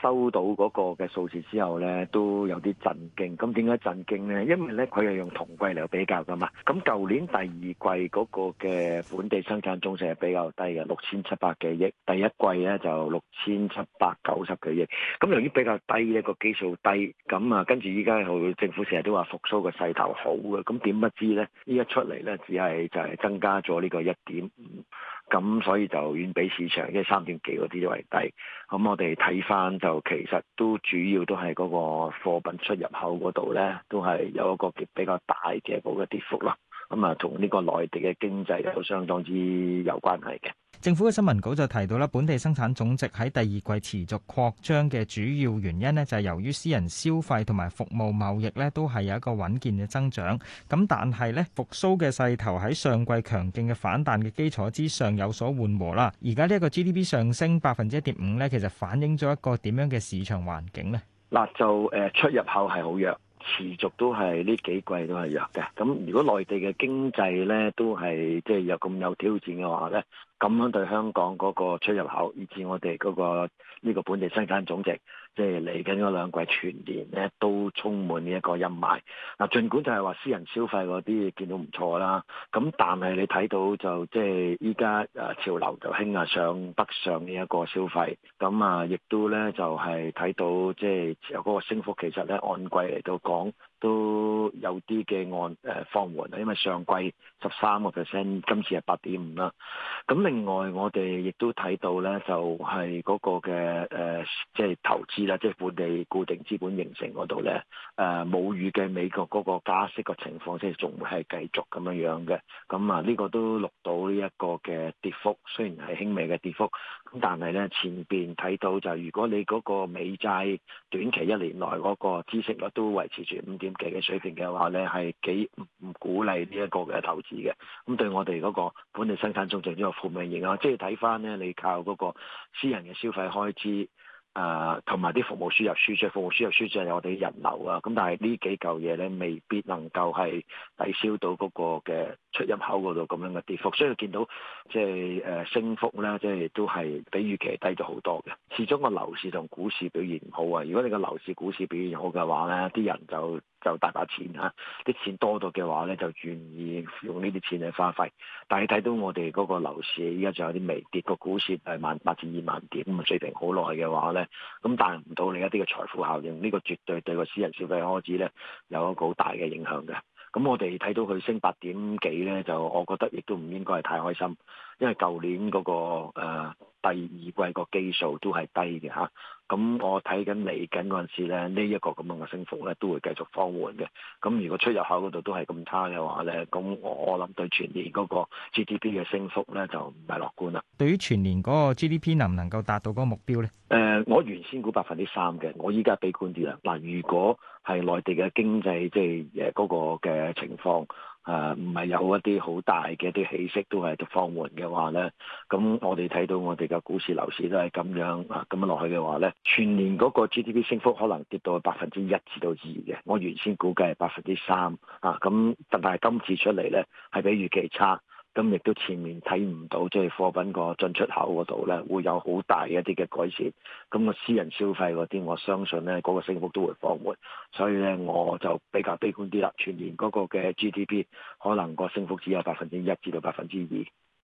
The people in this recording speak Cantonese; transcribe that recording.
收到嗰個嘅數字之後咧，都有啲震驚。咁點解震驚咧？因為咧，佢係用同季嚟比較噶嘛。咁舊年第二季嗰個嘅本地生產總值係比較低嘅，六千七百幾億。第一季咧就六千七百九十幾億。咁由於比較低咧，個基數低，咁啊，跟住依家佢政府成日都話復甦個勢頭好嘅。咁點不知咧？呢一出嚟咧，只係就係增加咗呢個一點。咁所以就遠比市場，即係三點幾嗰啲都為低。咁我哋睇翻就其實都主要都係嗰個貨品出入口嗰度咧，都係有一個比較大嘅嗰個跌幅啦。咁啊，同呢個內地嘅經濟都相當之有關係嘅。政府嘅新聞稿就提到咧，本地生產總值喺第二季持續擴張嘅主要原因咧，就係由於私人消費同埋服務貿易咧，都係有一個穩健嘅增長。咁但係咧，復甦嘅勢頭喺上季強勁嘅反彈嘅基礎之上有所緩和啦。而家呢一個 GDP 上升百分之一點五咧，其實反映咗一個點樣嘅市場環境呢？嗱，就誒出入口係好弱。持續都係呢幾季都係弱嘅，咁如果內地嘅經濟呢，都係即係有咁有挑戰嘅話呢。咁樣對香港嗰個出入口，以至我哋嗰個呢個本地生產總值，即係嚟緊嗰兩季全年咧都充滿呢一個陰霾。嗱、啊，儘管就係話私人消費嗰啲見到唔錯啦，咁但係你睇到就即係依家誒潮流就興啊上北上呢一個消費，咁啊亦都咧就係睇到即係有嗰個升幅，其實咧按季嚟到講。都有啲嘅案誒放緩啦，因為上季十三個 percent，今次係八點五啦。咁另外我哋亦都睇到咧，就係、是、嗰個嘅誒，即、呃、係、就是、投資啦，即、就、係、是、本地固定資本形成嗰度咧，誒冇預嘅美國嗰個加息嘅情況，即係仲會係繼續咁樣樣嘅。咁、嗯、啊，呢、這個都錄到呢一個嘅跌幅，雖然係輕微嘅跌幅，咁但係咧前邊睇到就是、如果你嗰個美債短期一年內嗰個孳息率都維持住五點嘅水平嘅話咧，係幾唔唔鼓勵呢一個嘅投資嘅。咁對我哋嗰個本地生產總值呢個負面影響，即係睇翻咧，你靠嗰個私人嘅消費開支，啊，同埋啲服務輸入輸出、服務輸入輸出係我哋人流啊。咁但係呢幾嚿嘢咧，未必能夠係抵消到嗰個嘅出入口嗰度咁樣嘅跌幅。所以見到即係誒升幅咧，即係都係比預期低咗好多嘅。始終個樓市同股市表現唔好啊。如果你個樓市股市表現好嘅話咧，啲人就就大把錢嚇，啲錢多到嘅話咧，就願意用呢啲錢去花費。但係睇到我哋嗰個樓市依家仲有啲微跌，個股市係萬八至二萬點咁嘅水平，好耐嘅話咧，咁達唔到另一啲嘅財富效應，呢、這個絕對對個私人消費開支咧有一個好大嘅影響嘅。咁我哋睇到佢升八點幾咧，就我覺得亦都唔應該係太開心，因為舊年嗰、那個、呃、第二季個基數都係低嘅嚇。咁我睇緊嚟緊嗰陣時咧，呢、這、一個咁樣嘅升幅咧，都會繼續放緩嘅。咁如果出入口嗰度都係咁差嘅話咧，咁我我諗對全年嗰個 GDP 嘅升幅咧，就唔係樂觀啦。對於全年嗰個 GDP 能唔能夠達到嗰個目標咧？誒、呃，我原先估百分之三嘅，我依家悲觀啲啦。嗱、呃，如果係內地嘅經濟即係誒嗰個嘅情況、呃、啊，唔係有一啲好大嘅一啲起色都係度放緩嘅話咧，咁我哋睇到我哋嘅股市、樓市都係咁樣啊咁樣落去嘅話咧。全年嗰個 GDP 升幅可能跌到百分之一至到二嘅，我原先估計係百分之三啊，咁但係今次出嚟呢係比預期差，咁亦都前面睇唔到即係、就是、貨品個進出口嗰度呢會有好大一啲嘅改善，咁、那個私人消費嗰啲我相信呢嗰、那個升幅都會放緩，所以呢我就比較悲觀啲啦，全年嗰個嘅 GDP 可能個升幅只有百分之一至到百分之二。